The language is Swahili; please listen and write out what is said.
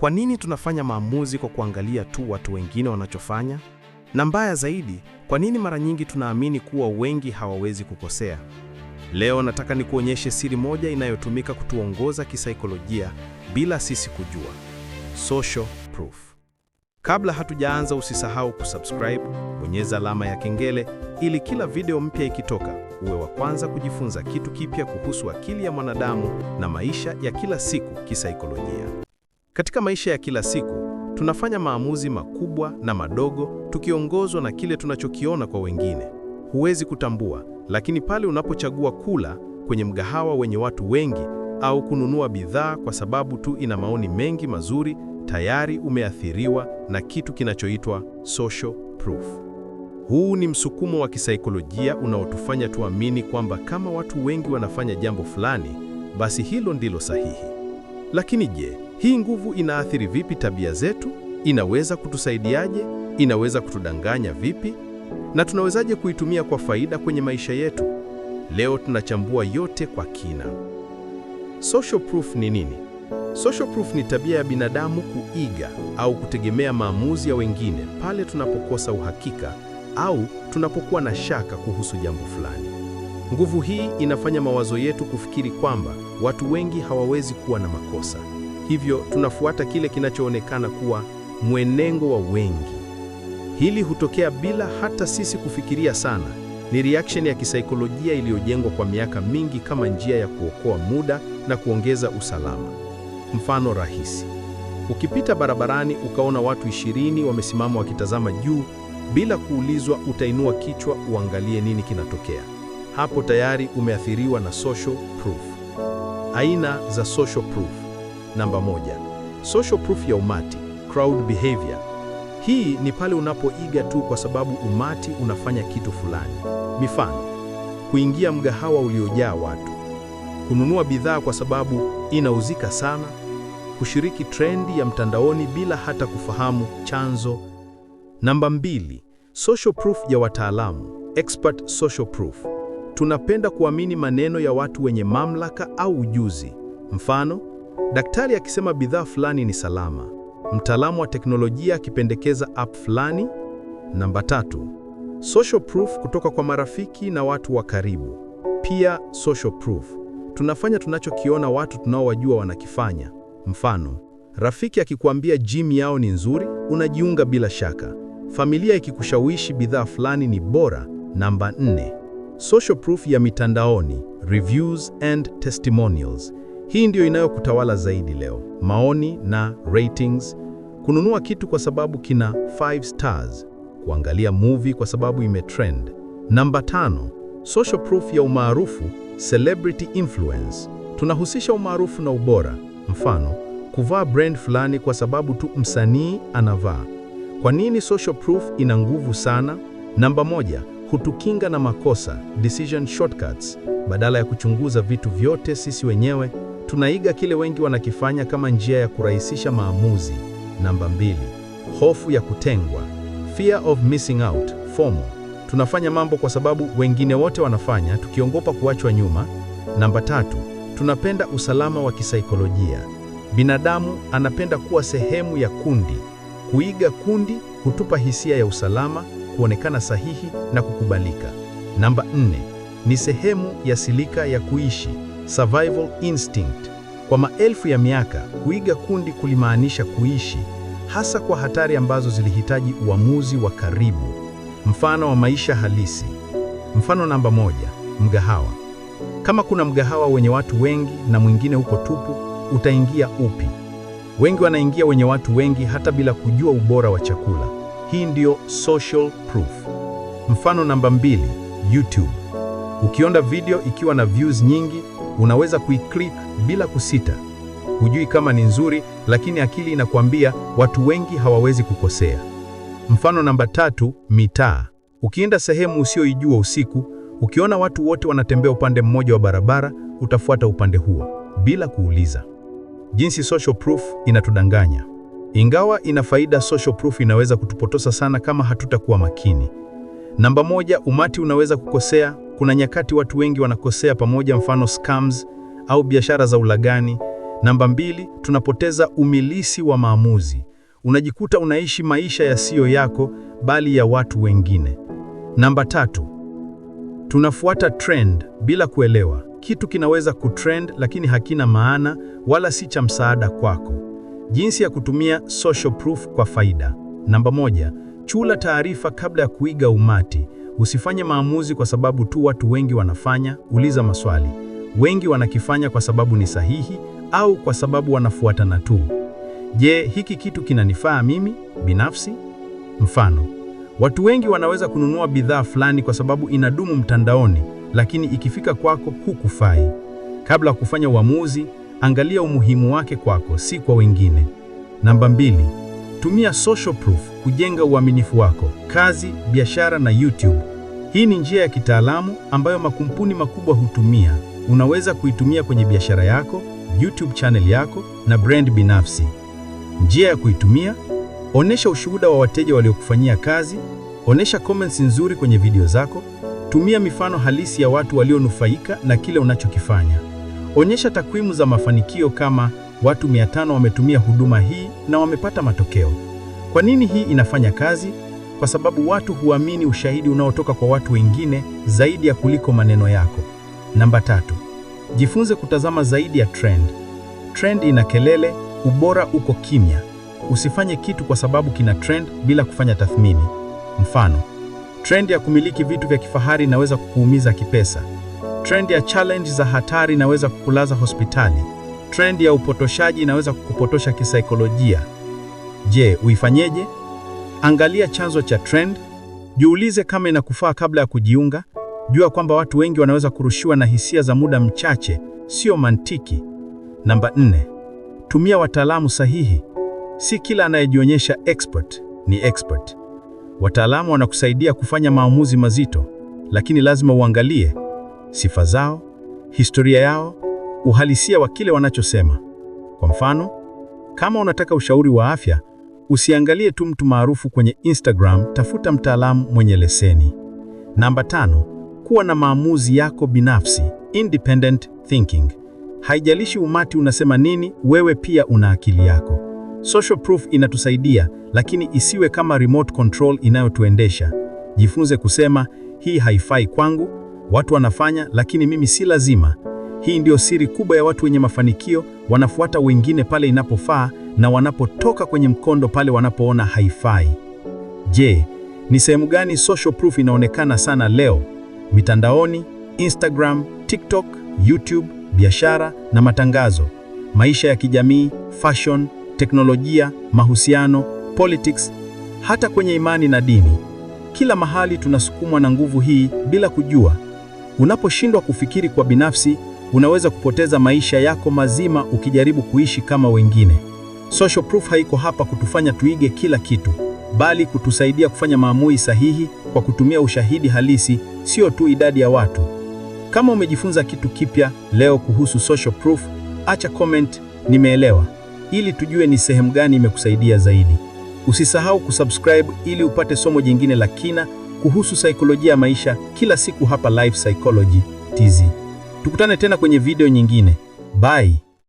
Kwa nini tunafanya maamuzi kwa kuangalia tu watu wengine wanachofanya? Na mbaya zaidi, kwa nini mara nyingi tunaamini kuwa wengi hawawezi kukosea? Leo nataka nikuonyeshe siri moja inayotumika kutuongoza kisaikolojia bila sisi kujua. Social proof. Kabla hatujaanza, usisahau kusubscribe, bonyeza alama ya kengele ili kila video mpya ikitoka uwe wa kwanza kujifunza kitu kipya kuhusu akili ya mwanadamu na maisha ya kila siku kisaikolojia. Katika maisha ya kila siku, tunafanya maamuzi makubwa na madogo tukiongozwa na kile tunachokiona kwa wengine. Huwezi kutambua, lakini pale unapochagua kula kwenye mgahawa wenye watu wengi au kununua bidhaa kwa sababu tu ina maoni mengi mazuri, tayari umeathiriwa na kitu kinachoitwa social proof. Huu ni msukumo wa kisaikolojia unaotufanya tuamini kwamba kama watu wengi wanafanya jambo fulani, basi hilo ndilo sahihi. Lakini je, hii nguvu inaathiri vipi tabia zetu? Inaweza kutusaidiaje? Inaweza kutudanganya vipi? Na tunawezaje kuitumia kwa faida kwenye maisha yetu? Leo tunachambua yote kwa kina. Social proof ni nini? Social proof ni tabia ya binadamu kuiga au kutegemea maamuzi ya wengine pale tunapokosa uhakika au tunapokuwa na shaka kuhusu jambo fulani. Nguvu hii inafanya mawazo yetu kufikiri kwamba watu wengi hawawezi kuwa na makosa hivyo tunafuata kile kinachoonekana kuwa mwenendo wa wengi. Hili hutokea bila hata sisi kufikiria sana. Ni reaction ya kisaikolojia iliyojengwa kwa miaka mingi kama njia ya kuokoa muda na kuongeza usalama. Mfano rahisi. Ukipita barabarani ukaona watu ishirini wamesimama wakitazama juu bila kuulizwa, utainua kichwa uangalie nini kinatokea. Hapo tayari umeathiriwa na social proof. Aina za social proof. Namba moja, social proof ya umati, crowd behavior. Hii ni pale unapoiga tu kwa sababu umati unafanya kitu fulani. Mifano, kuingia mgahawa uliojaa watu, kununua bidhaa kwa sababu inauzika sana, kushiriki trendi ya mtandaoni bila hata kufahamu chanzo. Namba mbili, social proof ya wataalamu, expert social proof. Tunapenda kuamini maneno ya watu wenye mamlaka au ujuzi. Mfano, Daktari akisema bidhaa fulani ni salama, mtaalamu wa teknolojia akipendekeza app fulani. Namba tatu, social proof kutoka kwa marafiki na watu wa karibu. Pia social proof tunafanya tunachokiona watu tunaowajua wanakifanya. Mfano, rafiki akikuambia gym yao ni nzuri, unajiunga bila shaka. Familia ikikushawishi bidhaa fulani ni bora. Namba nne, social proof ya mitandaoni, reviews and testimonials. Hii ndiyo inayokutawala zaidi leo: maoni na ratings, kununua kitu kwa sababu kina 5 stars, kuangalia movie kwa sababu imetrend. Namba tano, social proof ya umaarufu, celebrity influence. Tunahusisha umaarufu na ubora, mfano kuvaa brand fulani kwa sababu tu msanii anavaa. Kwa nini social proof ina nguvu sana? Namba moja, hutukinga na makosa, decision shortcuts. Badala ya kuchunguza vitu vyote sisi wenyewe Tunaiga kile wengi wanakifanya kama njia ya kurahisisha maamuzi. Namba mbili, hofu ya kutengwa, fear of missing out, FOMO. Tunafanya mambo kwa sababu wengine wote wanafanya, tukiongopa kuachwa nyuma. Namba tatu, tunapenda usalama wa kisaikolojia. Binadamu anapenda kuwa sehemu ya kundi. Kuiga kundi hutupa hisia ya usalama, kuonekana sahihi na kukubalika. Namba nne, ni sehemu ya silika ya kuishi survival instinct. Kwa maelfu ya miaka, kuiga kundi kulimaanisha kuishi, hasa kwa hatari ambazo zilihitaji uamuzi wa karibu. Mfano wa maisha halisi. Mfano namba moja, mgahawa. Kama kuna mgahawa wenye watu wengi na mwingine uko tupu, utaingia upi? Wengi wanaingia wenye watu wengi hata bila kujua ubora wa chakula. Hii ndiyo social proof. Mfano namba mbili, YouTube. Ukionda video ikiwa na views nyingi unaweza kuiclick bila kusita. Hujui kama ni nzuri, lakini akili inakwambia watu wengi hawawezi kukosea. Mfano namba tatu, mitaa. Ukienda sehemu usioijua usiku, ukiona watu wote wanatembea upande mmoja wa barabara, utafuata upande huo bila kuuliza. Jinsi social proof inatudanganya. Ingawa ina faida, social proof inaweza kutupotosa sana kama hatutakuwa makini. Namba moja, umati unaweza kukosea kuna nyakati watu wengi wanakosea pamoja, mfano scams au biashara za ulagani Namba mbili, tunapoteza umilisi wa maamuzi. Unajikuta unaishi maisha yasiyo yako bali ya watu wengine. Namba tatu, tunafuata trend bila kuelewa. Kitu kinaweza kutrend lakini hakina maana wala si cha msaada kwako. Jinsi ya kutumia social proof kwa faida. Namba moja, chula taarifa kabla ya kuiga umati. Usifanye maamuzi kwa sababu tu watu wengi wanafanya, uliza maswali. Wengi wanakifanya kwa sababu ni sahihi au kwa sababu wanafuatana tu. Je, hiki kitu kinanifaa mimi binafsi? Mfano, watu wengi wanaweza kununua bidhaa fulani kwa sababu inadumu mtandaoni, lakini ikifika kwako hukufai. Kabla ya kufanya uamuzi, angalia umuhimu wake kwako, si kwa wengine. Namba mbili, Tumia social proof kujenga uaminifu wako, kazi, biashara na YouTube. Hii ni njia ya kitaalamu ambayo makampuni makubwa hutumia. Unaweza kuitumia kwenye biashara yako, YouTube channel yako na brand binafsi. Njia ya kuitumia: onesha ushuhuda wa wateja waliokufanyia kazi, onesha comments nzuri kwenye video zako, tumia mifano halisi ya watu walionufaika na kile unachokifanya. Onyesha takwimu za mafanikio kama watu 500 wametumia huduma hii na wamepata matokeo. Kwa nini hii inafanya kazi? Kwa sababu watu huamini ushahidi unaotoka kwa watu wengine zaidi ya kuliko maneno yako. Namba tatu, jifunze kutazama zaidi ya trend. Trend ina kelele, ubora uko kimya. Usifanye kitu kwa sababu kina trend bila kufanya tathmini. Mfano, trend ya kumiliki vitu vya kifahari inaweza kukuumiza kipesa. Trend ya challenge za hatari inaweza kukulaza hospitali. Trendi ya upotoshaji inaweza kukupotosha kisaikolojia. Je, uifanyeje? Angalia chanzo cha trend, jiulize kama inakufaa kabla ya kujiunga. Jua kwamba watu wengi wanaweza kurushiwa na hisia za muda mchache, sio mantiki. Namba nne, tumia wataalamu sahihi. Si kila anayejionyesha expert ni expert. Wataalamu wanakusaidia kufanya maamuzi mazito, lakini lazima uangalie sifa zao, historia yao uhalisia wa kile wanachosema. Kwa mfano, kama unataka ushauri wa afya, usiangalie tu mtu maarufu kwenye Instagram, tafuta mtaalamu mwenye leseni. Namba tano, kuwa na maamuzi yako binafsi, independent thinking. Haijalishi umati unasema nini, wewe pia una akili yako. Social proof inatusaidia, lakini isiwe kama remote control inayotuendesha. Jifunze kusema hii haifai kwangu, watu wanafanya, lakini mimi si lazima. Hii ndiyo siri kubwa ya watu wenye mafanikio, wanafuata wengine pale inapofaa na wanapotoka kwenye mkondo pale wanapoona haifai. Je, ni sehemu gani social proof inaonekana sana leo? Mitandaoni, Instagram, TikTok, YouTube, biashara na matangazo, maisha ya kijamii, fashion, teknolojia, mahusiano, politics, hata kwenye imani na dini. Kila mahali tunasukumwa na nguvu hii bila kujua. Unaposhindwa kufikiri kwa binafsi, Unaweza kupoteza maisha yako mazima ukijaribu kuishi kama wengine. Social proof haiko hapa kutufanya tuige kila kitu, bali kutusaidia kufanya maamuzi sahihi kwa kutumia ushahidi halisi, sio tu idadi ya watu. Kama umejifunza kitu kipya leo kuhusu social proof, acha comment nimeelewa, ili tujue ni sehemu gani imekusaidia zaidi. Usisahau kusubscribe ili upate somo jingine la kina kuhusu saikolojia ya maisha kila siku hapa Life Psychology TZ. Tukutane tena kwenye video nyingine. Bye.